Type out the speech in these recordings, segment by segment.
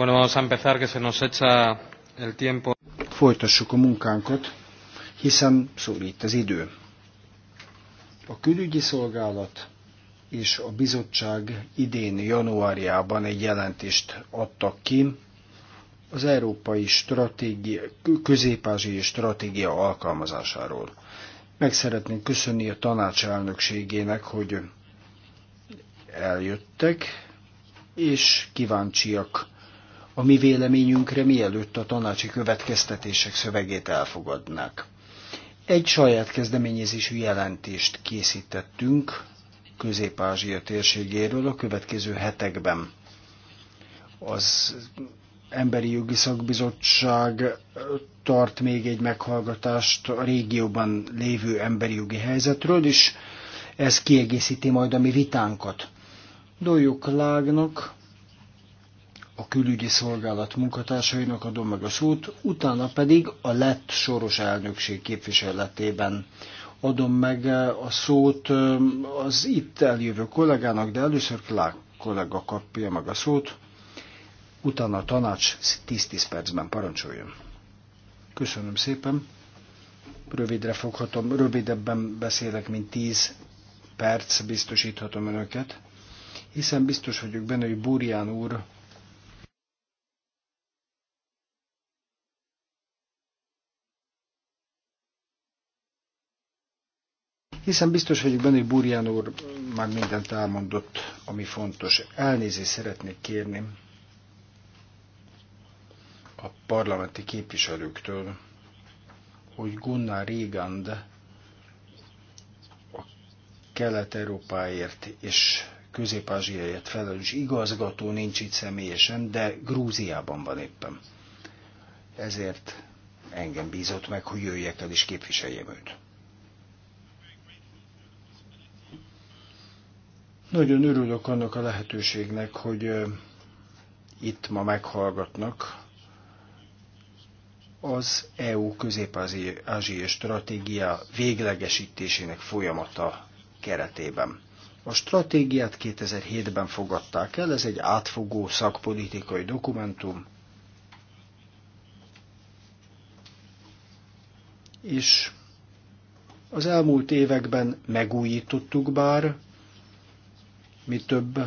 Bueno, vamos a empezar, que se nos echa el tiempo. Folytassuk a munkánkat, hiszen szólít az idő. A külügyi szolgálat és a bizottság idén januárjában egy jelentést adtak ki az európai stratégia, közép-ázsiai stratégia alkalmazásáról. Meg szeretnénk köszönni a tanács elnökségének, hogy eljöttek, és kíváncsiak a mi véleményünkre, mielőtt a tanácsi következtetések szövegét elfogadnák. Egy saját kezdeményezésű jelentést készítettünk Közép-Ázsia térségéről a következő hetekben. Az Emberi Jogi Szakbizottság tart még egy meghallgatást a régióban lévő emberi jogi helyzetről, és ez kiegészíti majd a mi vitánkat. Doljuk Lágnak, a külügyi szolgálat munkatársainak adom meg a szót, utána pedig a lett soros elnökség képviseletében adom meg eh, a szót eh, az itt eljövő kollégának, de először Klák kollega kapja meg a szót, utána a tanács 10-10 percben parancsoljon. Köszönöm szépen. Rövidre foghatom, rövidebben beszélek, mint 10 perc, biztosíthatom önöket, hiszen biztos vagyok benne, hogy Burján úr hiszen biztos vagyok benne, hogy Burján úr már mindent elmondott, ami fontos. Elnézést szeretnék kérni a parlamenti képviselőktől, hogy Gunnar Régand a Kelet-Európáért és Közép-Ázsiáért felelős igazgató nincs itt személyesen, de Grúziában van éppen. Ezért engem bízott meg, hogy jöjjek el és képviseljem őt. Nagyon örülök annak a lehetőségnek, hogy itt ma meghallgatnak az EU közép-ázsiai stratégia véglegesítésének folyamata keretében. A stratégiát 2007-ben fogadták el, ez egy átfogó szakpolitikai dokumentum, és az elmúlt években megújítottuk bár, mi több,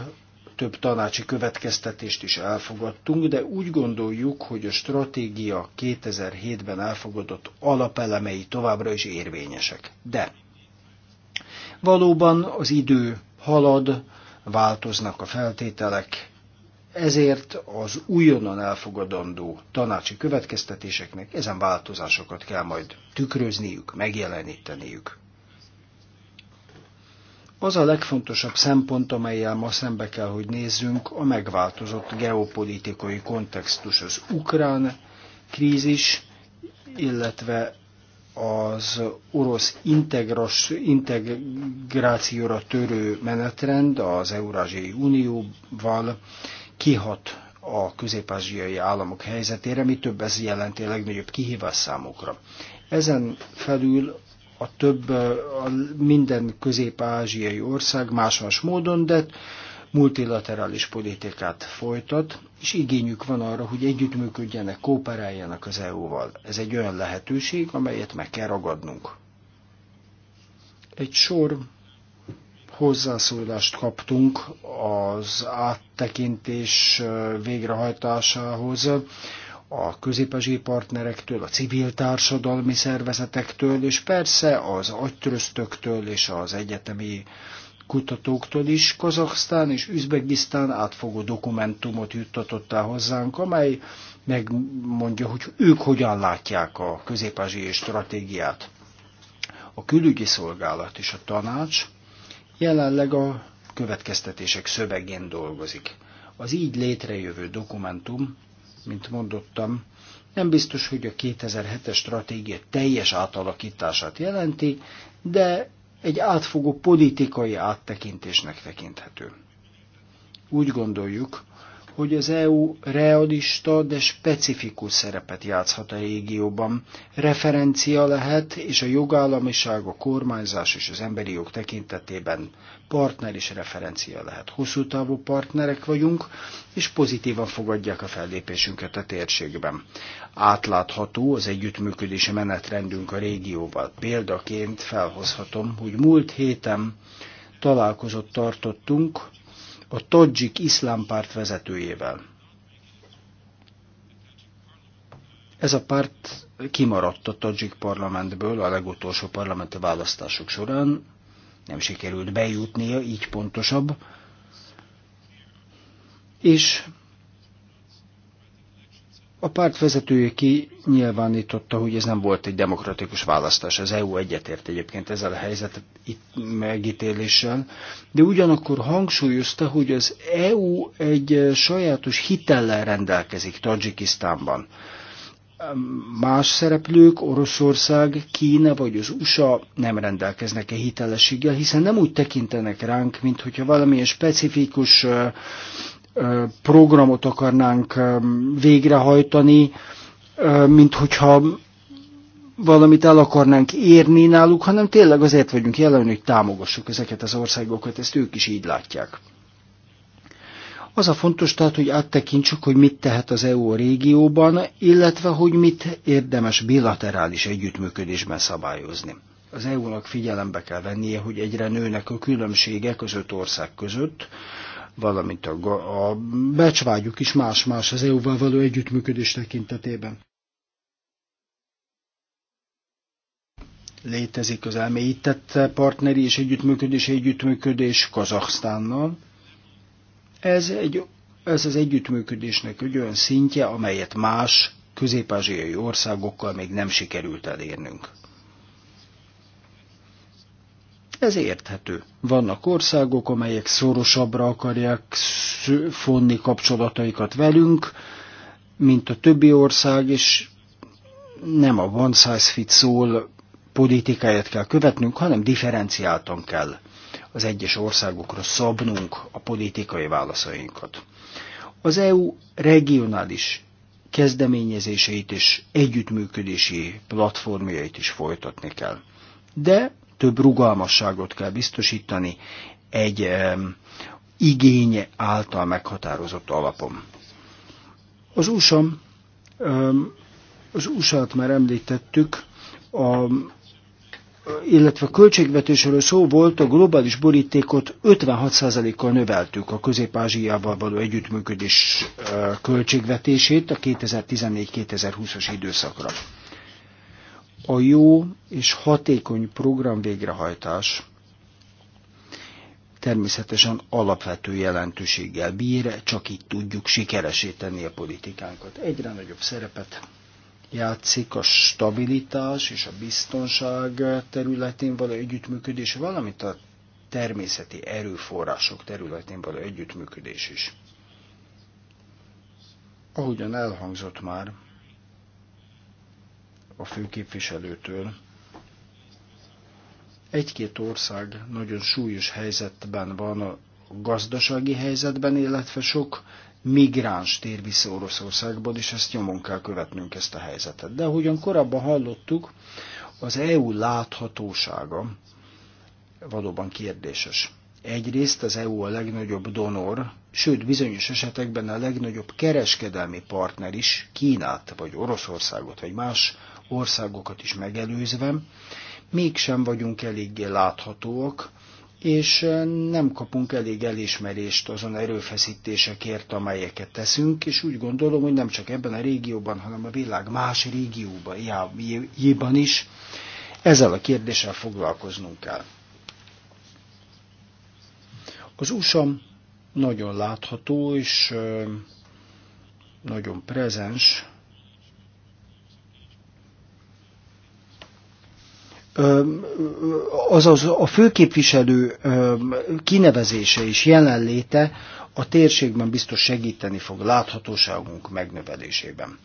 több tanácsi következtetést is elfogadtunk, de úgy gondoljuk, hogy a stratégia 2007-ben elfogadott alapelemei továbbra is érvényesek. De valóban az idő halad, változnak a feltételek, ezért az újonnan elfogadandó tanácsi következtetéseknek ezen változásokat kell majd tükrözniük, megjeleníteniük. Az a legfontosabb szempont, amelyel ma szembe kell, hogy nézzünk, a megváltozott geopolitikai kontextus, az ukrán krízis, illetve az orosz integros, integrációra törő menetrend az Eurázsiai Unióval kihat a közép-ázsiai államok helyzetére, mi több ez jelenti a legnagyobb kihívás számukra. Ezen felül a több, a minden közép-ázsiai ország más-más módon, de multilaterális politikát folytat, és igényük van arra, hogy együttműködjenek, kooperáljanak az EU-val. Ez egy olyan lehetőség, amelyet meg kell ragadnunk. Egy sor hozzászólást kaptunk az áttekintés végrehajtásához a közép partnerektől, a civil társadalmi szervezetektől, és persze az agytröztöktől és az egyetemi kutatóktól is Kazaksztán és Üzbegisztán átfogó dokumentumot juttatott el hozzánk, amely megmondja, hogy ők hogyan látják a közép stratégiát. A külügyi szolgálat és a tanács jelenleg a következtetések szövegén dolgozik. Az így létrejövő dokumentum mint mondottam, nem biztos, hogy a 2007-es stratégia teljes átalakítását jelenti, de egy átfogó politikai áttekintésnek tekinthető. Úgy gondoljuk, hogy az EU realista, de specifikus szerepet játszhat a régióban. Referencia lehet, és a jogállamiság, a kormányzás és az emberi jog tekintetében partner is referencia lehet. Hosszú távú partnerek vagyunk, és pozitívan fogadják a fellépésünket a térségben. Átlátható az együttműködési menetrendünk a régióval. Példaként felhozhatom, hogy múlt héten találkozott tartottunk, a Tadzsik iszlám párt vezetőjével. Ez a párt kimaradt a Tadzsik parlamentből a legutolsó parlamenti választások során, nem sikerült bejutnia, így pontosabb, és a párt vezetője ki nyilvánította, hogy ez nem volt egy demokratikus választás. Az EU egyetért egyébként ezzel a helyzet itt megítéléssel, de ugyanakkor hangsúlyozta, hogy az EU egy sajátos hitellel rendelkezik Tajikisztánban. Más szereplők, Oroszország, Kína vagy az USA nem rendelkeznek e hitelességgel, hiszen nem úgy tekintenek ránk, mint hogyha valamilyen specifikus programot akarnánk végrehajtani, mint hogyha valamit el akarnánk érni náluk, hanem tényleg azért vagyunk jelen, hogy támogassuk ezeket az országokat, ezt ők is így látják. Az a fontos tehát, hogy áttekintsük, hogy mit tehet az EU a régióban, illetve hogy mit érdemes bilaterális együttműködésben szabályozni. Az EU-nak figyelembe kell vennie, hogy egyre nőnek a különbségek az öt ország között, valamint a, a becsvágyuk is más-más az EU-val való együttműködés tekintetében. Létezik az elmélyített partneri és együttműködés, együttműködés Kazahsztánnal. Ez, egy, ez az együttműködésnek egy olyan szintje, amelyet más közép-ázsiai országokkal még nem sikerült elérnünk. Ez érthető. Vannak országok, amelyek szorosabbra akarják fonni kapcsolataikat velünk, mint a többi ország, és nem a one size fits all politikáját kell követnünk, hanem differenciáltan kell az egyes országokra szabnunk a politikai válaszainkat. Az EU regionális kezdeményezéseit és együttműködési platformjait is folytatni kell. De több rugalmasságot kell biztosítani egy igénye által meghatározott alapom. Az USA, az USA-t már említettük, a, illetve a költségvetésről szó volt, a globális borítékot 56%-kal növeltük a közép-ázsiával való együttműködés költségvetését a 2014-2020-as időszakra a jó és hatékony program végrehajtás természetesen alapvető jelentőséggel bír, csak így tudjuk sikeresíteni a politikánkat. Egyre nagyobb szerepet játszik a stabilitás és a biztonság területén való együttműködés, valamint a természeti erőforrások területén való együttműködés is. Ahogyan elhangzott már, a főképviselőtől. Egy-két ország nagyon súlyos helyzetben van a gazdasági helyzetben, illetve sok migráns tér vissza Oroszországból, és ezt nyomon kell követnünk ezt a helyzetet. De ahogyan korábban hallottuk, az EU láthatósága valóban kérdéses. Egyrészt az EU a legnagyobb donor, sőt bizonyos esetekben a legnagyobb kereskedelmi partner is Kínát, vagy Oroszországot, vagy más országokat is megelőzve, mégsem vagyunk eléggé láthatóak, és nem kapunk elég elismerést azon erőfeszítésekért, amelyeket teszünk, és úgy gondolom, hogy nem csak ebben a régióban, hanem a világ más régióban is ezzel a kérdéssel foglalkoznunk kell. Az USA nagyon látható és nagyon prezens. Azaz a főképviselő kinevezése és jelenléte a térségben biztos segíteni fog láthatóságunk megnövelésében.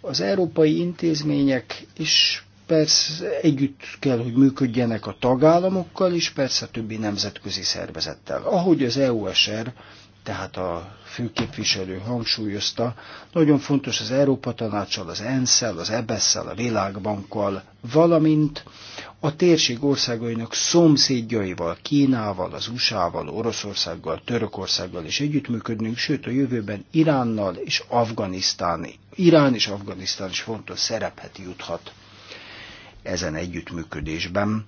Az európai intézmények is persze együtt kell, hogy működjenek a tagállamokkal és persze a többi nemzetközi szervezettel. Ahogy az EUSR, tehát a főképviselő hangsúlyozta, nagyon fontos az Európa Tanácssal, az ENSZ-szel, az ebesz szel a Világbankkal, valamint a térség országainak szomszédjaival, Kínával, az USA-val, Oroszországgal, Törökországgal is együttműködnünk, sőt a jövőben Iránnal és Afganisztáni. Irán és Afganisztán is fontos szerepet juthat ezen együttműködésben.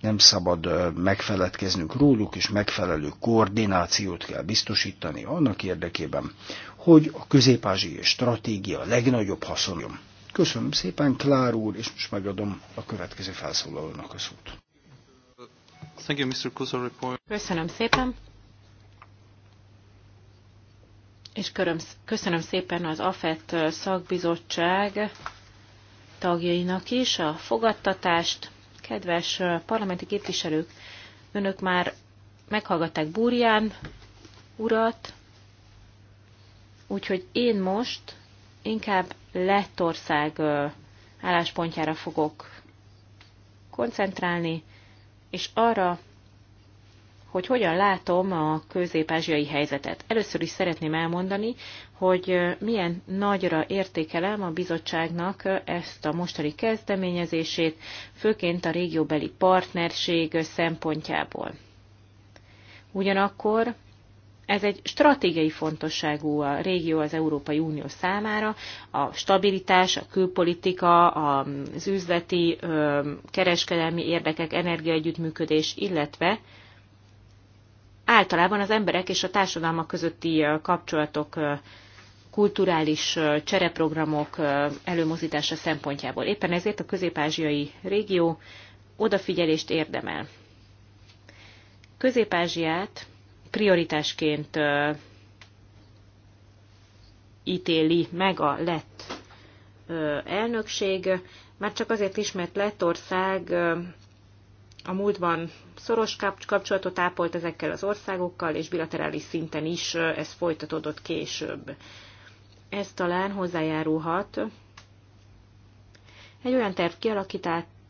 Nem szabad megfeledkeznünk róluk, és megfelelő koordinációt kell biztosítani annak érdekében, hogy a közép-ázsiai stratégia legnagyobb haszonjon. Köszönöm szépen, Klár úr, és most megadom a következő felszólalónak a szót. Köszönöm szépen. És köszönöm szépen az AFET szakbizottság tagjainak is a fogadtatást. Kedves parlamenti képviselők, önök már meghallgatták Búrján urat, úgyhogy én most inkább Lettország álláspontjára fogok koncentrálni, és arra, hogy hogyan látom a közép-ázsiai helyzetet. Először is szeretném elmondani, hogy milyen nagyra értékelem a bizottságnak ezt a mostani kezdeményezését, főként a régióbeli partnerség szempontjából. Ugyanakkor ez egy stratégiai fontosságú a régió az Európai Unió számára, a stabilitás, a külpolitika, az üzleti, kereskedelmi érdekek, energiaegyüttműködés, illetve általában az emberek és a társadalmak közötti kapcsolatok kulturális csereprogramok előmozítása szempontjából. Éppen ezért a közép-ázsiai régió odafigyelést érdemel. Közép-ázsiát prioritásként ítéli meg a lett elnökség, már csak azért is, mert Lettország a múltban szoros kapcsolatot ápolt ezekkel az országokkal, és bilaterális szinten is ez folytatódott később. Ez talán hozzájárulhat egy olyan terv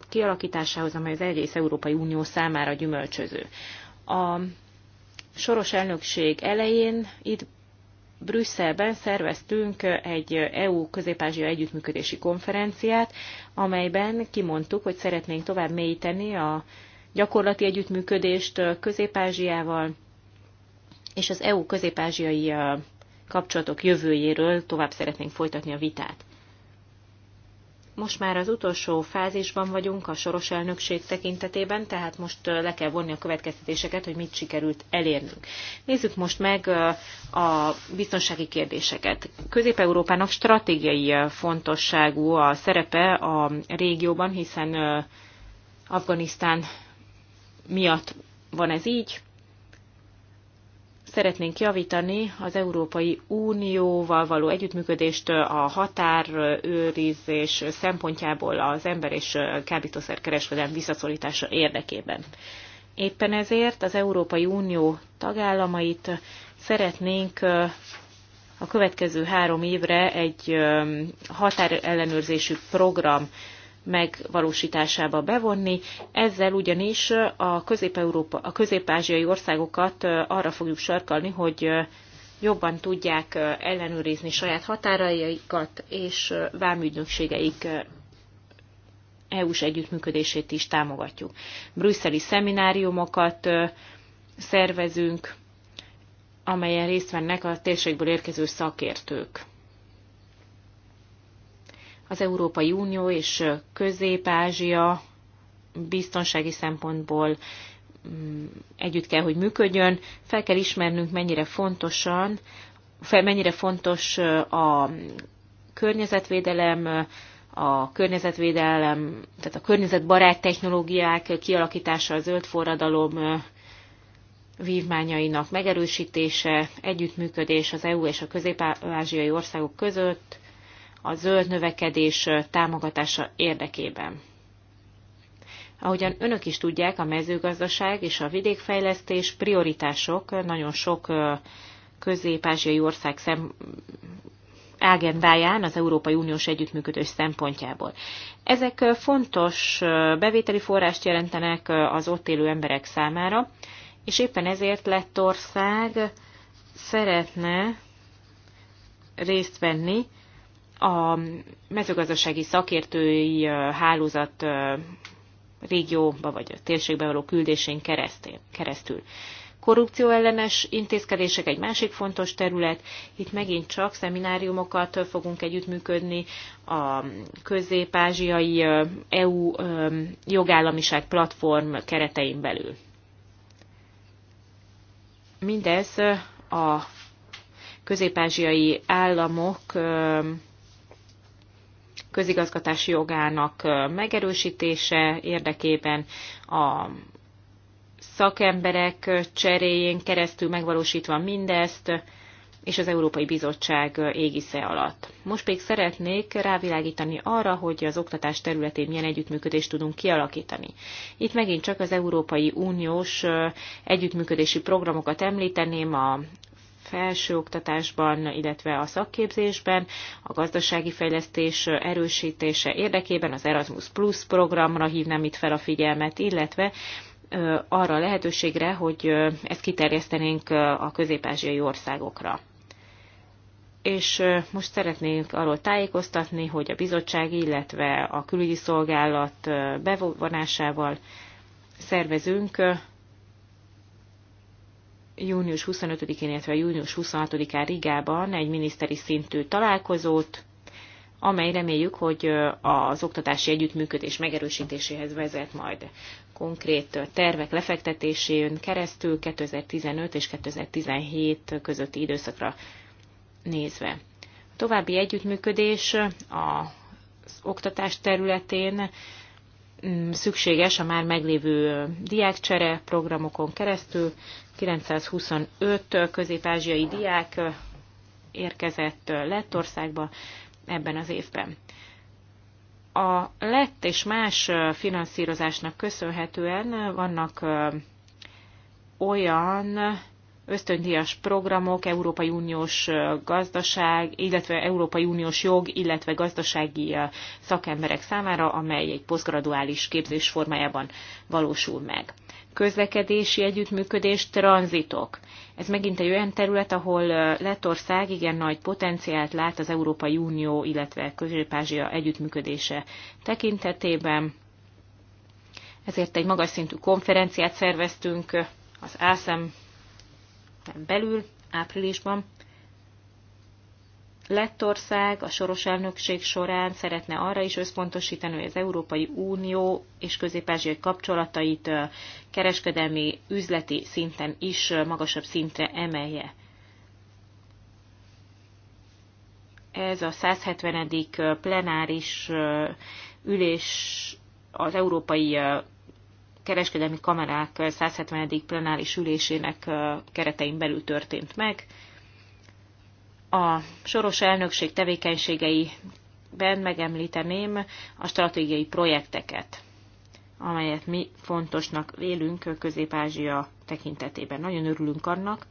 kialakításához, amely az egész Európai Unió számára gyümölcsöző. A soros elnökség elején itt Brüsszelben szerveztünk egy EU közép együttműködési konferenciát, amelyben kimondtuk, hogy szeretnénk tovább mélyíteni a gyakorlati együttműködést Közép-Ázsiával, és az EU közép kapcsolatok jövőjéről tovább szeretnénk folytatni a vitát. Most már az utolsó fázisban vagyunk a soros elnökség tekintetében, tehát most le kell vonni a következtetéseket, hogy mit sikerült elérnünk. Nézzük most meg a biztonsági kérdéseket. Közép-Európának stratégiai fontosságú a szerepe a régióban, hiszen Afganisztán miatt van ez így, szeretnénk javítani az Európai Unióval való együttműködést a határőrizés szempontjából az ember és kereskedelem visszaszorítása érdekében. Éppen ezért az Európai Unió tagállamait szeretnénk a következő három évre egy határellenőrzésű program megvalósításába bevonni. Ezzel ugyanis a, közép-európa, a közép-ázsiai országokat arra fogjuk sarkalni, hogy jobban tudják ellenőrizni saját határaikat, és vámügynökségeik EU-s együttműködését is támogatjuk. Brüsszeli szemináriumokat szervezünk, amelyen részt vennek a térségből érkező szakértők az Európai Unió és Közép-Ázsia biztonsági szempontból mm, együtt kell, hogy működjön. Fel kell ismernünk, mennyire fontosan, fel, mennyire fontos a környezetvédelem, a környezetvédelem, tehát a környezetbarát technológiák kialakítása, a zöld forradalom vívmányainak megerősítése, együttműködés az EU és a közép-ázsiai országok között, a zöld növekedés támogatása érdekében. Ahogyan önök is tudják, a mezőgazdaság és a vidékfejlesztés prioritások nagyon sok közép-ázsiai ország szem ágendáján az Európai Uniós együttműködés szempontjából. Ezek fontos bevételi forrást jelentenek az ott élő emberek számára, és éppen ezért Lettország szeretne részt venni a mezőgazdasági szakértői hálózat régióba vagy a térségbe való küldésén keresztül. Korrupcióellenes intézkedések egy másik fontos terület. Itt megint csak szemináriumokat fogunk együttműködni a közép-ázsiai EU jogállamiság platform keretein belül. Mindez a közép-ázsiai államok közigazgatási jogának megerősítése érdekében a szakemberek cseréjén keresztül megvalósítva mindezt, és az Európai Bizottság égisze alatt. Most pedig szeretnék rávilágítani arra, hogy az oktatás területén milyen együttműködést tudunk kialakítani. Itt megint csak az Európai Uniós együttműködési programokat említeném a felsőoktatásban, illetve a szakképzésben, a gazdasági fejlesztés erősítése érdekében az Erasmus Plus programra hívnám itt fel a figyelmet, illetve arra a lehetőségre, hogy ezt kiterjesztenénk a közép-ázsiai országokra. És most szeretnénk arról tájékoztatni, hogy a bizottság, illetve a külügyi szolgálat bevonásával szervezünk június 25-én, illetve június 26-án Rigában egy miniszteri szintű találkozót, amely reméljük, hogy az oktatási együttműködés megerősítéséhez vezet majd konkrét tervek lefektetésén keresztül 2015 és 2017 közötti időszakra nézve. A további együttműködés az oktatás területén Mm, szükséges a már meglévő diákcsere programokon keresztül. 925 közép-ázsiai diák érkezett Lettországba ebben az évben. A lett és más finanszírozásnak köszönhetően vannak olyan ösztöndíjas programok, Európai Uniós gazdaság, illetve Európai Uniós jog, illetve gazdasági szakemberek számára, amely egy posztgraduális képzés formájában valósul meg. Közlekedési együttműködés, tranzitok. Ez megint egy olyan terület, ahol Lettország igen nagy potenciált lát az Európai Unió, illetve Közép-Ázsia együttműködése tekintetében. Ezért egy magas szintű konferenciát szerveztünk az ASEM éven belül, áprilisban. Lettország a soros elnökség során szeretne arra is összpontosítani, hogy az Európai Unió és közép kapcsolatait kereskedelmi, üzleti szinten is magasabb szintre emelje. Ez a 170. plenáris ülés az Európai kereskedelmi kamerák 170. plenáris ülésének keretein belül történt meg. A soros elnökség tevékenységeiben megemlíteném a stratégiai projekteket, amelyet mi fontosnak vélünk Közép-Ázsia tekintetében. Nagyon örülünk annak,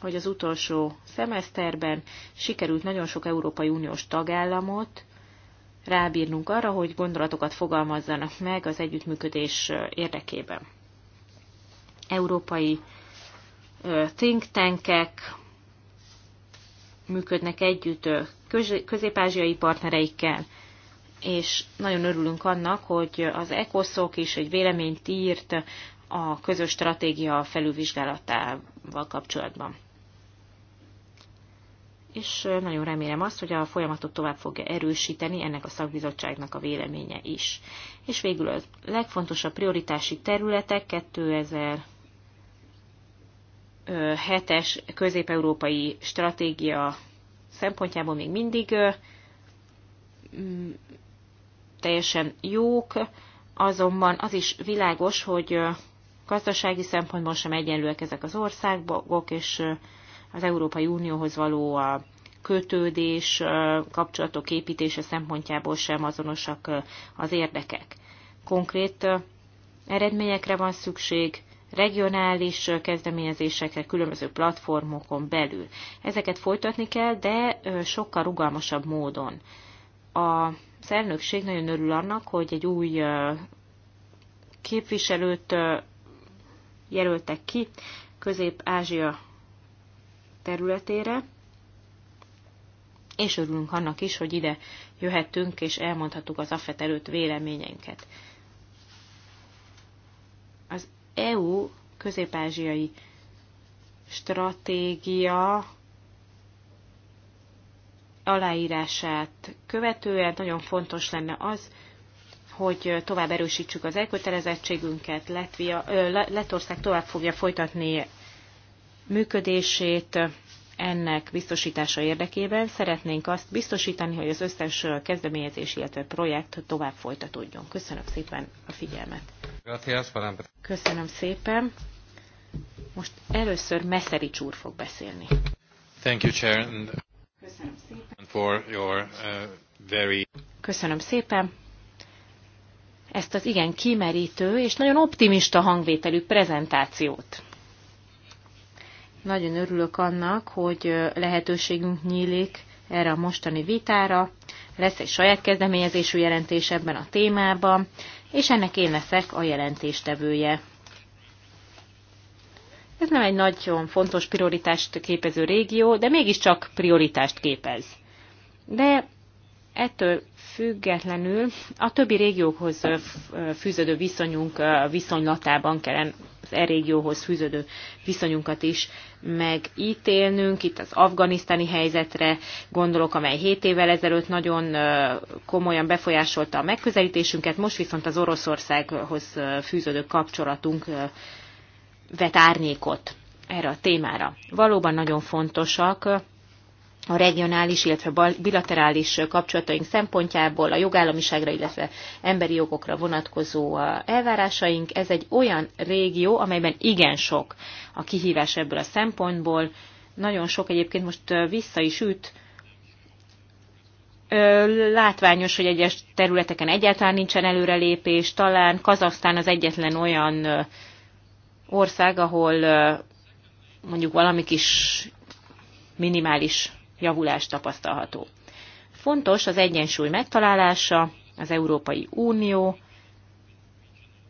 hogy az utolsó szemeszterben sikerült nagyon sok Európai Uniós tagállamot rábírnunk arra, hogy gondolatokat fogalmazzanak meg az együttműködés érdekében. Európai think tankek működnek együtt közép-ázsiai partnereikkel, és nagyon örülünk annak, hogy az ECOSZOK is egy véleményt írt a közös stratégia felülvizsgálatával kapcsolatban és nagyon remélem azt, hogy a folyamatot tovább fogja erősíteni ennek a szakbizottságnak a véleménye is. És végül a legfontosabb prioritási területek 2007-es közép-európai stratégia szempontjából még mindig mm, teljesen jók, azonban az is világos, hogy gazdasági szempontból sem egyenlőek ezek az országok, és az Európai Unióhoz való a kötődés, kapcsolatok építése szempontjából sem azonosak az érdekek. Konkrét eredményekre van szükség, regionális kezdeményezésekre, különböző platformokon belül. Ezeket folytatni kell, de sokkal rugalmasabb módon. A elnökség nagyon örül annak, hogy egy új képviselőt jelöltek ki Közép-Ázsia területére, és örülünk annak is, hogy ide jöhettünk, és elmondhattuk az AFET előtt véleményeinket. Az EU közép-ázsiai stratégia aláírását követően nagyon fontos lenne az, hogy tovább erősítsük az elkötelezettségünket. Letvia, Lettország tovább fogja folytatni működését ennek biztosítása érdekében szeretnénk azt biztosítani, hogy az összes kezdeményezés, illetve projekt tovább folytatódjon. Köszönöm szépen a figyelmet. Köszönöm szépen. Most először Meszeri Csúr fog beszélni. Thank you, Chair. And Köszönöm szépen. For your, uh, very... Köszönöm szépen ezt az igen kimerítő és nagyon optimista hangvételű prezentációt. Nagyon örülök annak, hogy lehetőségünk nyílik erre a mostani vitára. Lesz egy saját kezdeményezésű jelentés ebben a témában, és ennek én leszek a jelentéstevője. Ez nem egy nagyon fontos prioritást képező régió, de mégiscsak prioritást képez. De ettől függetlenül a többi régiókhoz fűződő viszonyunk viszonylatában kell az e régióhoz fűződő viszonyunkat is megítélnünk. Itt az afganisztáni helyzetre gondolok, amely 7 évvel ezelőtt nagyon komolyan befolyásolta a megközelítésünket, most viszont az Oroszországhoz fűződő kapcsolatunk vet árnyékot erre a témára. Valóban nagyon fontosak a regionális, illetve bilaterális kapcsolataink szempontjából a jogállamiságra, illetve emberi jogokra vonatkozó uh, elvárásaink. Ez egy olyan régió, amelyben igen sok a kihívás ebből a szempontból. Nagyon sok egyébként most uh, vissza is üt. Látványos, hogy egyes területeken egyáltalán nincsen előrelépés. Talán Kazasztán az egyetlen olyan uh, ország, ahol mondjuk valami kis minimális javulás tapasztalható. Fontos az egyensúly megtalálása, az Európai Unió,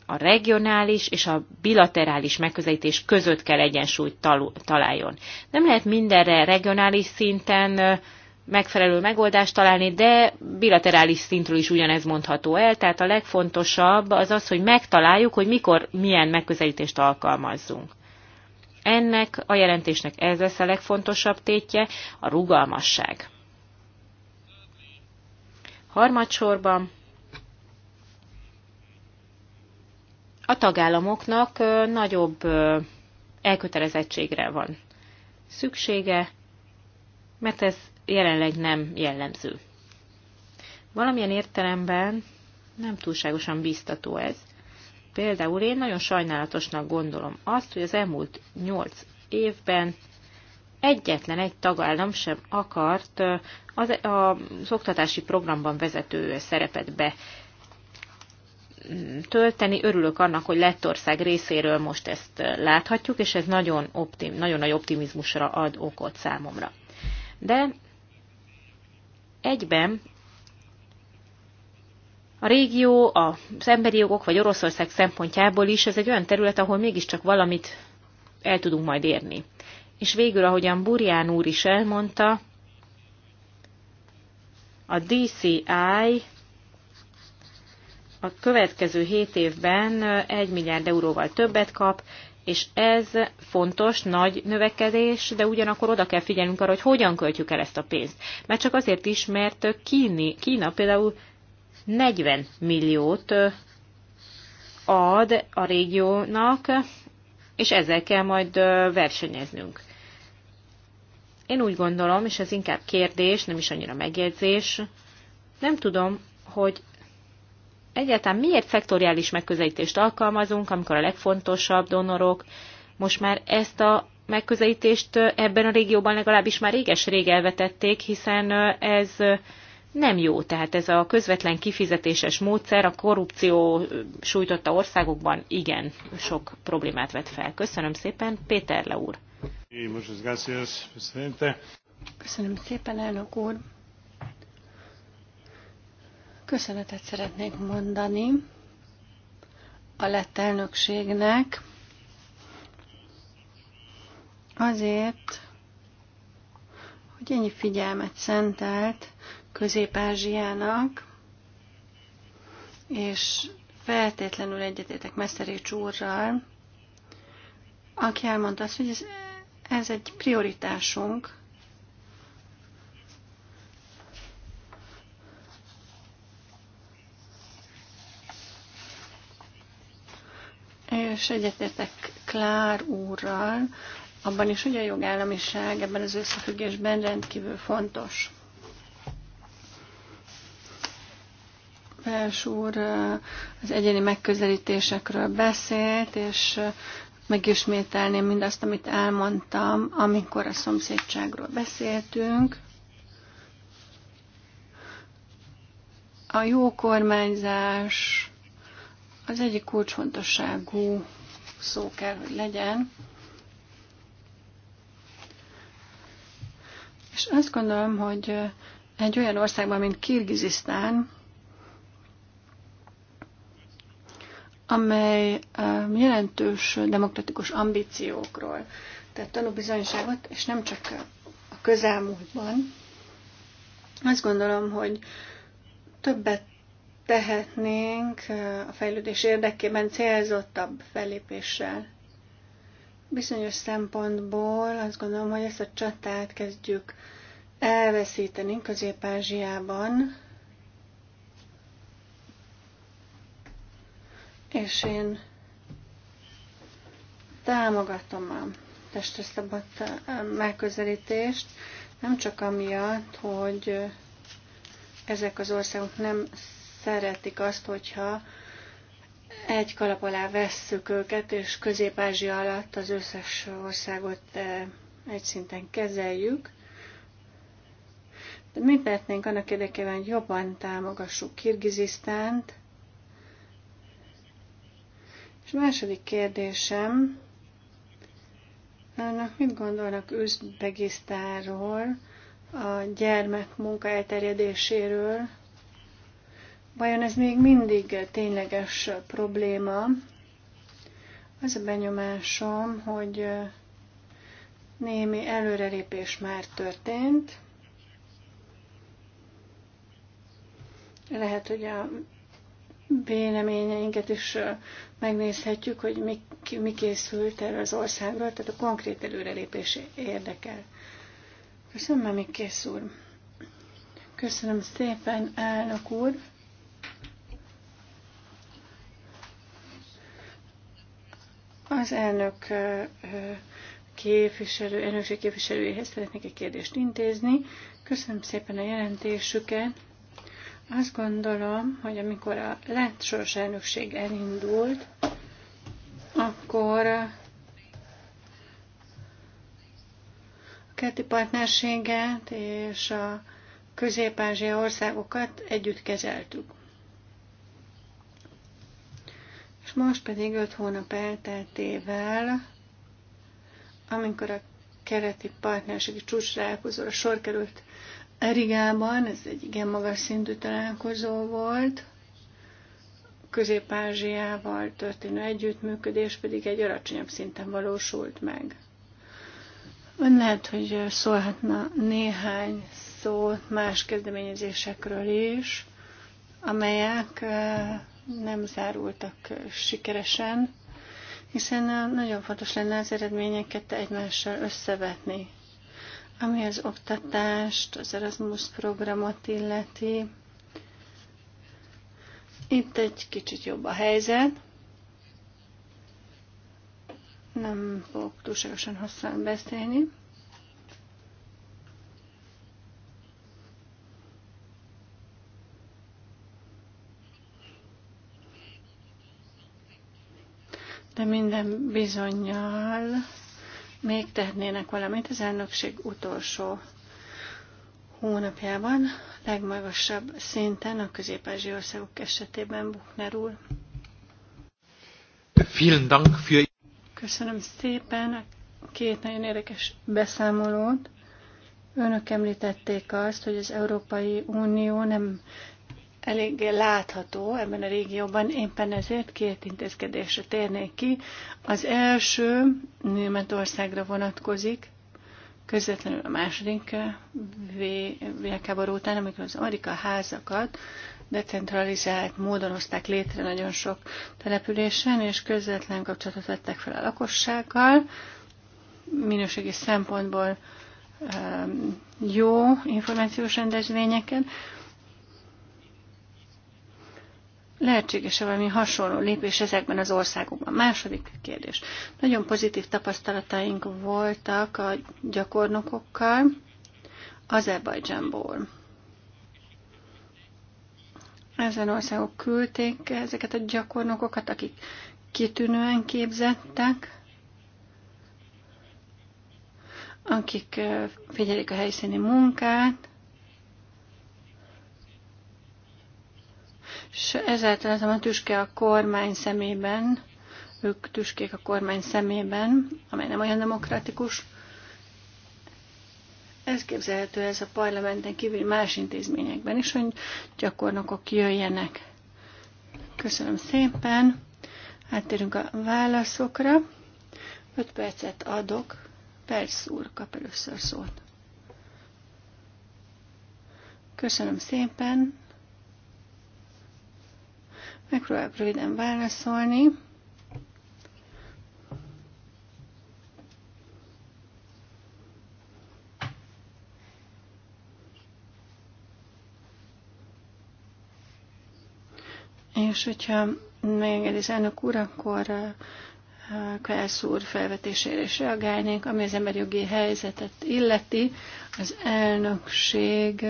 a regionális és a bilaterális megközelítés között kell egyensúlyt találjon. Nem lehet mindenre regionális szinten megfelelő megoldást találni, de bilaterális szintről is ugyanez mondható el, tehát a legfontosabb az az, hogy megtaláljuk, hogy mikor milyen megközelítést alkalmazzunk. Ennek a jelentésnek ez lesz a legfontosabb tétje, a rugalmasság. Harmadsorban a tagállamoknak nagyobb elkötelezettségre van szüksége, mert ez jelenleg nem jellemző. Valamilyen értelemben nem túlságosan biztató ez, Például én nagyon sajnálatosnak gondolom azt, hogy az elmúlt 8 évben egyetlen egy tagállam sem akart az, az oktatási programban vezető szerepet be mm, tölteni. Örülök annak, hogy Lettország részéről most ezt láthatjuk, és ez nagyon, optim, nagyon nagy optimizmusra ad okot számomra. De egyben a régió, az emberi jogok vagy Oroszország szempontjából is ez egy olyan terület, ahol mégiscsak valamit el tudunk majd érni. És végül, ahogyan Burján úr is elmondta, a DCI a következő 7 évben 1 milliárd euróval többet kap, és ez fontos, nagy növekedés, de ugyanakkor oda kell figyelnünk arra, hogy hogyan költjük el ezt a pénzt. Mert csak azért is, mert Kíni, Kína például 40 milliót ad a régiónak, és ezzel kell majd versenyeznünk. Én úgy gondolom, és ez inkább kérdés, nem is annyira megjegyzés, nem tudom, hogy egyáltalán miért szektoriális megközelítést alkalmazunk, amikor a legfontosabb donorok most már ezt a megközelítést ebben a régióban legalábbis már réges-rég elvetették, hiszen ez nem jó. Tehát ez a közvetlen kifizetéses módszer a korrupció sújtotta országokban igen sok problémát vet fel. Köszönöm szépen, Péter Le úr. Köszönöm szépen, elnök úr. Köszönetet szeretnék mondani a lett elnökségnek azért, hogy ennyi figyelmet szentelt Közép-Ázsiának, és feltétlenül egyetétek Meszerics Csúrral, aki elmondta azt, hogy ez, ez egy prioritásunk, és egyetértek Klár úrral, abban is, hogy a jogállamiság ebben az összefüggésben rendkívül fontos. Pels úr az egyéni megközelítésekről beszélt, és megismételném mindazt, amit elmondtam, amikor a szomszédságról beszéltünk. A jó kormányzás az egyik kulcsfontosságú szó kell, hogy legyen. És azt gondolom, hogy egy olyan országban, mint Kirgizisztán, amely um, jelentős demokratikus ambíciókról tett tanúbizonyságot, és nem csak a közelmúltban. Azt gondolom, hogy többet tehetnénk uh, a fejlődés érdekében célzottabb fellépéssel. Bizonyos szempontból azt gondolom, hogy ezt a csatát kezdjük elveszíteni Közép-Ázsiában, és én támogatom a testre szabad megközelítést, nem csak amiatt, hogy ezek az országok nem szeretik azt, hogyha egy kalap alá vesszük őket, és Közép-Ázsia alatt az összes országot egy szinten kezeljük. De mit lehetnénk annak érdekében, hogy jobban támogassuk Kirgizisztánt, és a második kérdésem, önök mit gondolnak Üzbegisztáról, a gyermek munka elterjedéséről? Vajon ez még mindig tényleges probléma? Az a benyomásom, hogy némi előrelépés már történt. Lehet, hogy a véleményeinket is megnézhetjük, hogy mi, mi készült erről az országról, tehát a konkrét előrelépés érdekel. Köszönöm, Mami Kész úr. Köszönöm szépen, elnök úr. Az elnök képviselő, elnökség képviselőjéhez szeretnék egy kérdést intézni. Köszönöm szépen a jelentésüket. Azt gondolom, hogy amikor a lett soros elnökség elindult, akkor a kerti partnerséget és a közép országokat együtt kezeltük. És most pedig öt hónap elteltével, amikor a kereti partnerségi csúcsra találkozóra sor került Erigában, ez egy igen magas szintű találkozó volt, Közép-Ázsiával történő együttműködés pedig egy alacsonyabb szinten valósult meg. Ön lehet, hogy szólhatna néhány szó más kezdeményezésekről is, amelyek eh, nem zárultak eh, sikeresen, hiszen eh, nagyon fontos lenne az eredményeket egymással összevetni. Ami az oktatást, az Erasmus programot illeti, itt egy kicsit jobb a helyzet. Nem fogok túlságosan hosszan beszélni. De minden bizonyal még tehetnének valamit az elnökség utolsó hónapjában, legmagasabb szinten a közép országok esetében Buchner úr. Köszönöm szépen a két nagyon érdekes beszámolót. Önök említették azt, hogy az Európai Unió nem eléggé látható ebben a régióban, éppen ezért két intézkedésre térnék ki. Az első Németországra vonatkozik, közvetlenül a második világháború után, amikor az Amerika házakat decentralizált módon hozták létre nagyon sok településen, és közvetlen kapcsolatot vettek fel a lakossággal. Minőségi szempontból jó információs rendezvényeken, lehetséges-e valami hasonló lépés ezekben az országokban? Második kérdés. Nagyon pozitív tapasztalataink voltak a gyakornokokkal Azerbajdzsánból. Ezen országok küldték ezeket a gyakornokokat, akik kitűnően képzettek, akik figyelik a helyszíni munkát, és ezáltal ez a tüske a kormány szemében, ők tüskék a kormány szemében, amely nem olyan demokratikus. Ez képzelhető ez a parlamenten kívül más intézményekben is, hogy gyakornokok jöjjenek. Köszönöm szépen. Áttérünk a válaszokra. 5 percet adok. Perc úr kap először szót. Köszönöm szépen. Megpróbálok röviden válaszolni. És hogyha megengedi elnök úr, akkor uh, Klász úr felvetésére is reagálnék, ami az emberi jogi helyzetet illeti. Az elnökség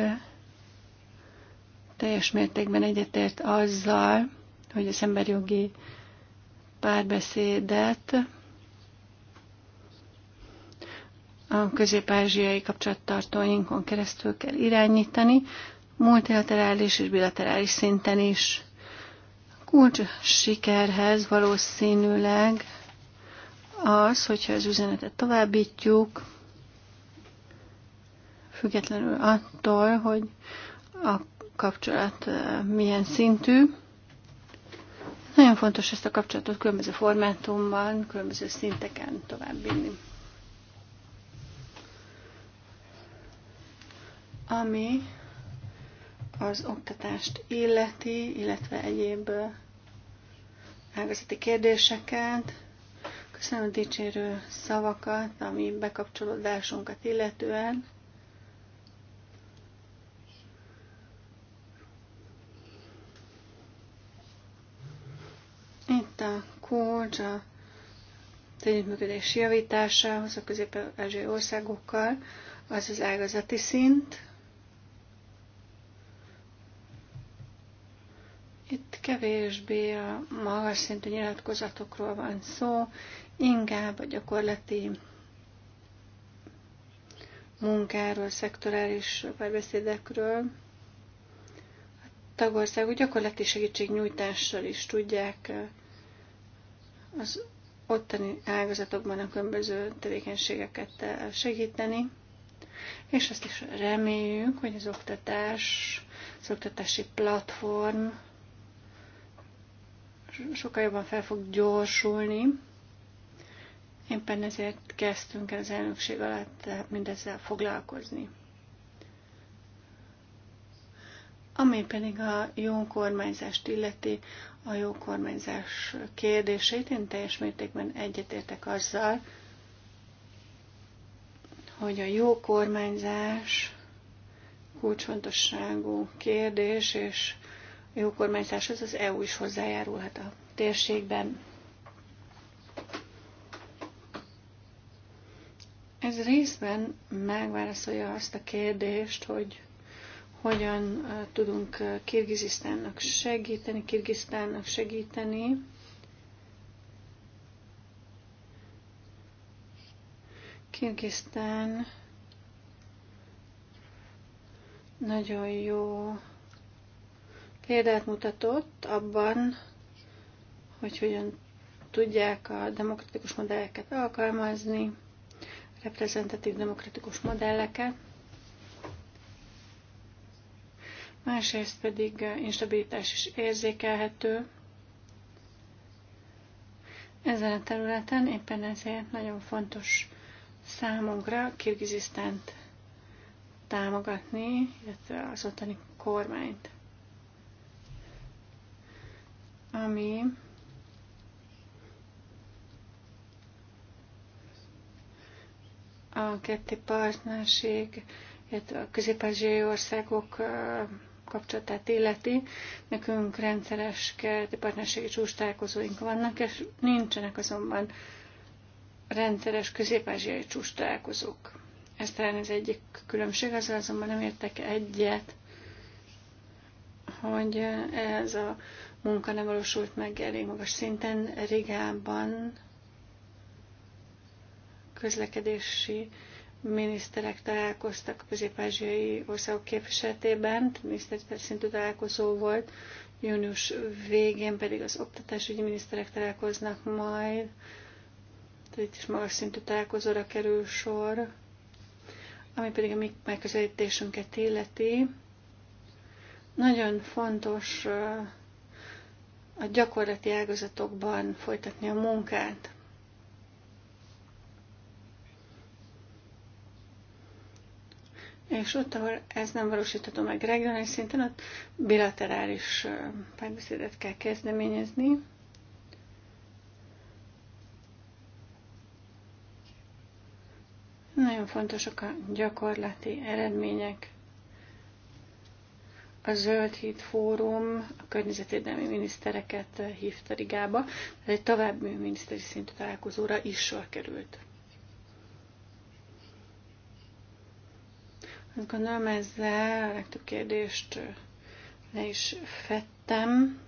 teljes mértékben egyetért azzal, hogy az emberjogi párbeszédet a közép-ázsiai kapcsolattartóinkon keresztül kell irányítani, multilaterális és bilaterális szinten is. A kulcs sikerhez valószínűleg az, hogyha az üzenetet továbbítjuk, függetlenül attól, hogy a kapcsolat eh, milyen szintű, nagyon fontos ezt a kapcsolatot különböző formátumban, különböző szinteken továbbvinni. Ami az oktatást illeti, illetve egyéb ágazati kérdéseket. Köszönöm a dicsérő szavakat, ami bekapcsolódásunkat illetően. a kulcs a együttműködés javításához a közép-ázsiai országokkal, az az ágazati szint. Itt kevésbé a magas szintű nyilatkozatokról van szó, inkább a gyakorlati munkáról, szektorális párbeszédekről. A tagországok gyakorlati segítségnyújtással is tudják az ottani ágazatokban a különböző tevékenységeket segíteni, és azt is reméljük, hogy az oktatás, az oktatási platform sokkal jobban fel fog gyorsulni. Éppen ezért kezdtünk el az elnökség alatt eh, mindezzel foglalkozni. Ami pedig a jó kormányzást illeti, a jó kormányzás kérdését. Én teljes mértékben egyetértek azzal, hogy a jó kormányzás kulcsfontosságú kérdés, és a jó az az EU is hozzájárulhat a térségben. Ez részben megválaszolja azt a kérdést, hogy hogyan tudunk Kirgizisztánnak segíteni, Kirgizisztánnak segíteni. Kirgisztán nagyon jó példát mutatott abban, hogy hogyan tudják a demokratikus modelleket alkalmazni, reprezentatív demokratikus modelleket. másrészt pedig eh, instabilitás is érzékelhető ezen a területen, éppen ezért nagyon fontos számunkra Kirgizisztánt támogatni, illetve az ottani kormányt. Ami a ketté partnerség, illetve a közép országok eh, kapcsolatát illeti, nekünk rendszeres kerti partnerségi csústálkozóink vannak, és nincsenek azonban rendszeres közép-ázsiai csústálkozók. Ez talán az egyik különbség, azzal azonban nem értek egyet, hogy ez a munka nem valósult meg elég magas szinten. Rigában közlekedési miniszterek találkoztak a közép-ázsiai országok képviseletében, miniszter szintű találkozó volt, június végén pedig az oktatásügyi miniszterek találkoznak majd, tehát itt is magas szintű találkozóra kerül sor, ami pedig a mi megközelítésünket illeti. Nagyon fontos uh, a gyakorlati ágazatokban folytatni a munkát. és ott, ahol ez nem valósítható meg regionális szinten, ott bilaterális párbeszédet kell kezdeményezni. Nagyon fontosak a gyakorlati eredmények. A Zöld Híd Fórum a környezetvédelmi minisztereket hívta Rigába, ez egy további miniszteri szintű találkozóra is sor került. Gondolom ezzel a legtöbb kérdést le is fettem.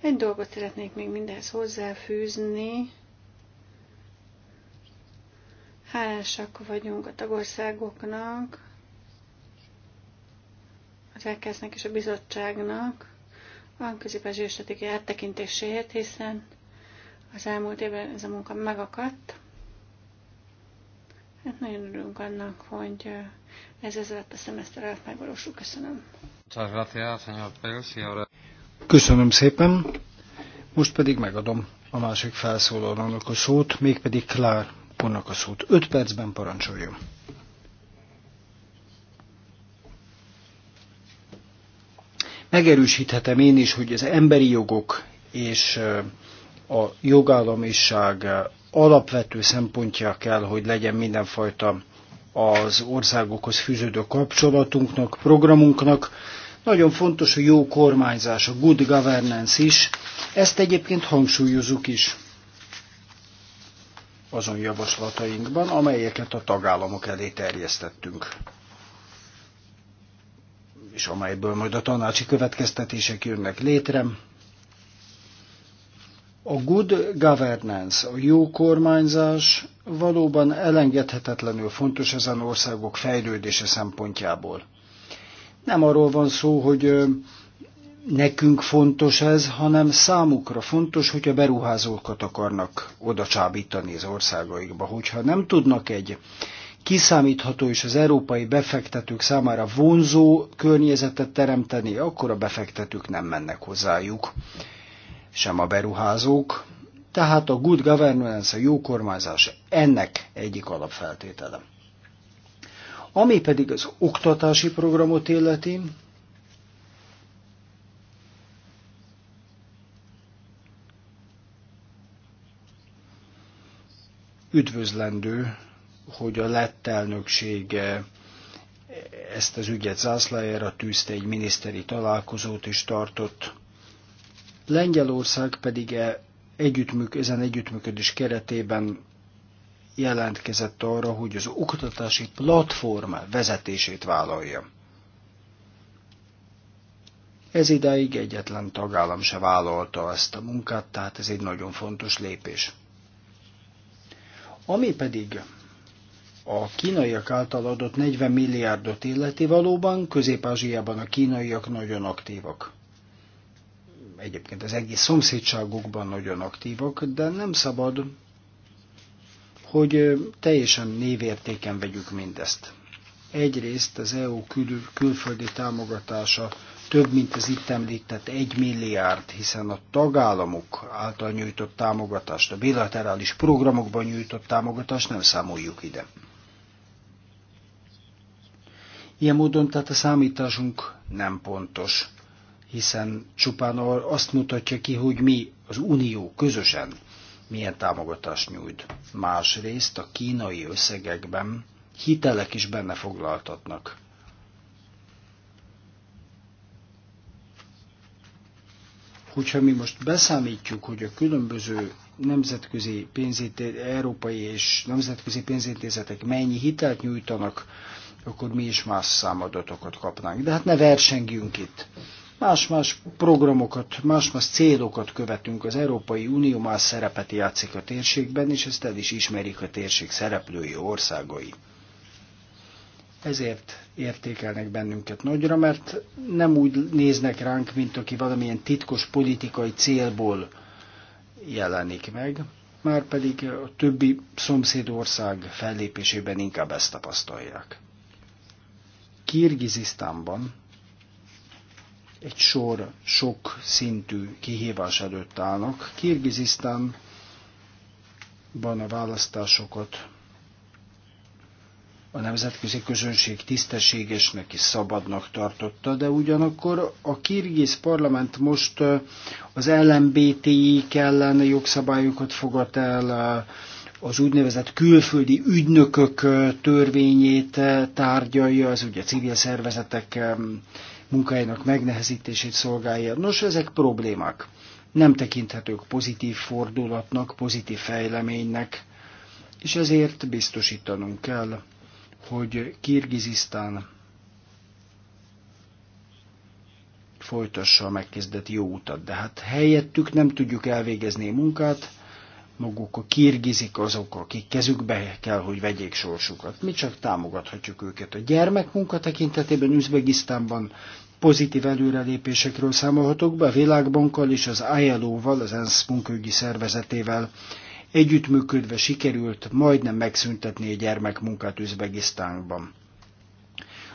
Egy dolgot szeretnék még mindez hozzáfűzni. Hálásak vagyunk a tagországoknak, az elkezdnek és a bizottságnak a közép-ázsiai áttekintéséért, hiszen az elmúlt évben ez a munka megakadt. Hát nagyon örülünk annak, hogy ez ezért a szemeszter alatt megvalósul. Köszönöm. Köszönöm szépen. Most pedig megadom a másik felszólalónak a szót, mégpedig Klár Ponnak a szót. Öt percben parancsoljon. Megerősíthetem én is, hogy az emberi jogok és a jogállamiság alapvető szempontja kell, hogy legyen mindenfajta az országokhoz fűződő kapcsolatunknak, programunknak. Nagyon fontos a jó kormányzás, a good governance is. Ezt egyébként hangsúlyozunk is azon javaslatainkban, amelyeket a tagállamok elé terjesztettünk és amelyből majd a tanácsi következtetések jönnek létre, a good governance, a jó kormányzás valóban elengedhetetlenül fontos ezen országok fejlődése szempontjából. Nem arról van szó, hogy nekünk fontos ez, hanem számukra fontos, hogyha beruházókat akarnak oda csábítani az országaikba. Hogyha nem tudnak egy kiszámítható és az európai befektetők számára vonzó környezetet teremteni, akkor a befektetők nem mennek hozzájuk sem a beruházók, tehát a good governance, a jó kormányzás ennek egyik alapfeltétele. Ami pedig az oktatási programot illeti, üdvözlendő, hogy a lett elnökség ezt az ügyet zászlájára tűzte, egy miniszteri találkozót is tartott, Lengyelország pedig e együttműk, ezen együttműködés keretében jelentkezett arra, hogy az oktatási platform vezetését vállalja. Ez idáig egyetlen tagállam se vállalta ezt a munkát, tehát ez egy nagyon fontos lépés. Ami pedig a kínaiak által adott 40 milliárdot illeti valóban, Közép-Ázsiában a kínaiak nagyon aktívak egyébként az egész szomszédságokban nagyon aktívak, de nem szabad, hogy teljesen névértéken vegyük mindezt. Egyrészt az EU kül- külföldi támogatása több, mint az itt említett egy milliárd, hiszen a tagállamok által nyújtott támogatást, a bilaterális programokban nyújtott támogatást nem számoljuk ide. Ilyen módon tehát a számításunk nem pontos hiszen csupán azt mutatja ki, hogy mi az Unió közösen milyen támogatást nyújt. Másrészt a kínai összegekben hitelek is benne foglaltatnak. Hogyha mi most beszámítjuk, hogy a különböző nemzetközi pénzintézetek, európai és nemzetközi pénzintézetek mennyi hitelt nyújtanak, akkor mi is más számadatokat kapnánk. De hát ne versengjünk itt. Más-más programokat, más-más célokat követünk. Az Európai Unió más szerepet játszik a térségben, és ezt el is ismerik a térség szereplői országai. Ezért értékelnek bennünket nagyra, mert nem úgy néznek ránk, mint aki valamilyen titkos politikai célból jelenik meg, már pedig a többi szomszédország fellépésében inkább ezt tapasztalják. Kirgizisztánban egy sor sok szintű kihívás előtt állnak. Kirgizisztánban a választásokat a nemzetközi közönség tisztességesnek és szabadnak tartotta, de ugyanakkor a kirgiz parlament most az LMBTI-k ellen jogszabályokat fogad el, az úgynevezett külföldi ügynökök törvényét tárgyalja, az ugye civil szervezetek munkájának megnehezítését szolgálja. Nos, ezek problémák. Nem tekinthetők pozitív fordulatnak, pozitív fejleménynek, és ezért biztosítanunk kell, hogy Kirgizisztán folytassa a megkezdett jó utat, de hát helyettük nem tudjuk elvégezni a munkát, maguk a kirgizik azok, akik kezükbe kell, hogy vegyék sorsukat. Mi csak támogathatjuk őket. A gyermekmunka tekintetében Üzbegisztánban pozitív előrelépésekről számolhatok be a Világbankkal és az ILO-val, az ENSZ munkaügyi szervezetével. Együttműködve sikerült majdnem megszüntetni a gyermekmunkát Üzbegisztánban.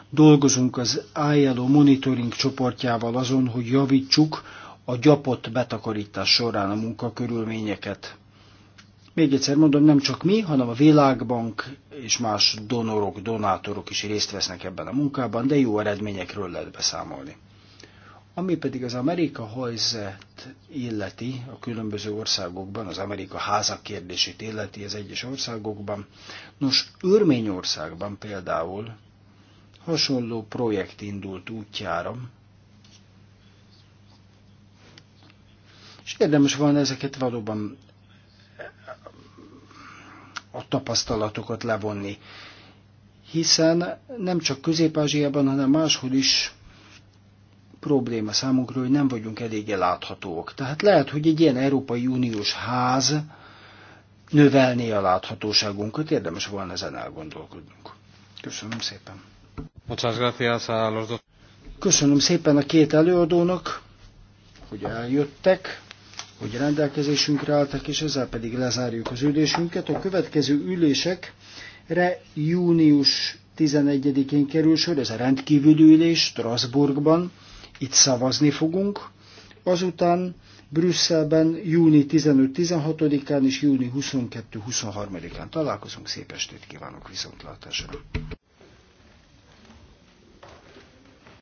Dolgozunk az ILO monitoring csoportjával azon, hogy javítsuk a gyapott betakarítás során a munkakörülményeket. Még egyszer mondom, nem csak mi, hanem a Világbank és más donorok, donátorok is részt vesznek ebben a munkában, de jó eredményekről lehet beszámolni. Ami pedig az Amerika hajzet illeti a különböző országokban, az Amerika házak kérdését illeti az egyes országokban. Nos, Örményországban például hasonló projekt indult útjára, és érdemes volna ezeket valóban a tapasztalatokat levonni. Hiszen nem csak Közép-Ázsiában, hanem máshol is probléma számunkra, hogy nem vagyunk eléggé láthatók. Tehát lehet, hogy egy ilyen Európai Uniós ház növelné a láthatóságunkat, érdemes volna ezen elgondolkodnunk. Köszönöm szépen. Köszönöm szépen a két előadónak, hogy eljöttek hogy rendelkezésünkre álltak, és ezzel pedig lezárjuk az ülésünket. A következő ülésekre június 11-én kerül sor, ez a rendkívüli ülés Strasbourgban, itt szavazni fogunk. Azután Brüsszelben júni 15-16-án és júni 22-23-án találkozunk. Szép estét kívánok viszontlátásra!